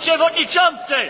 przewodniczący!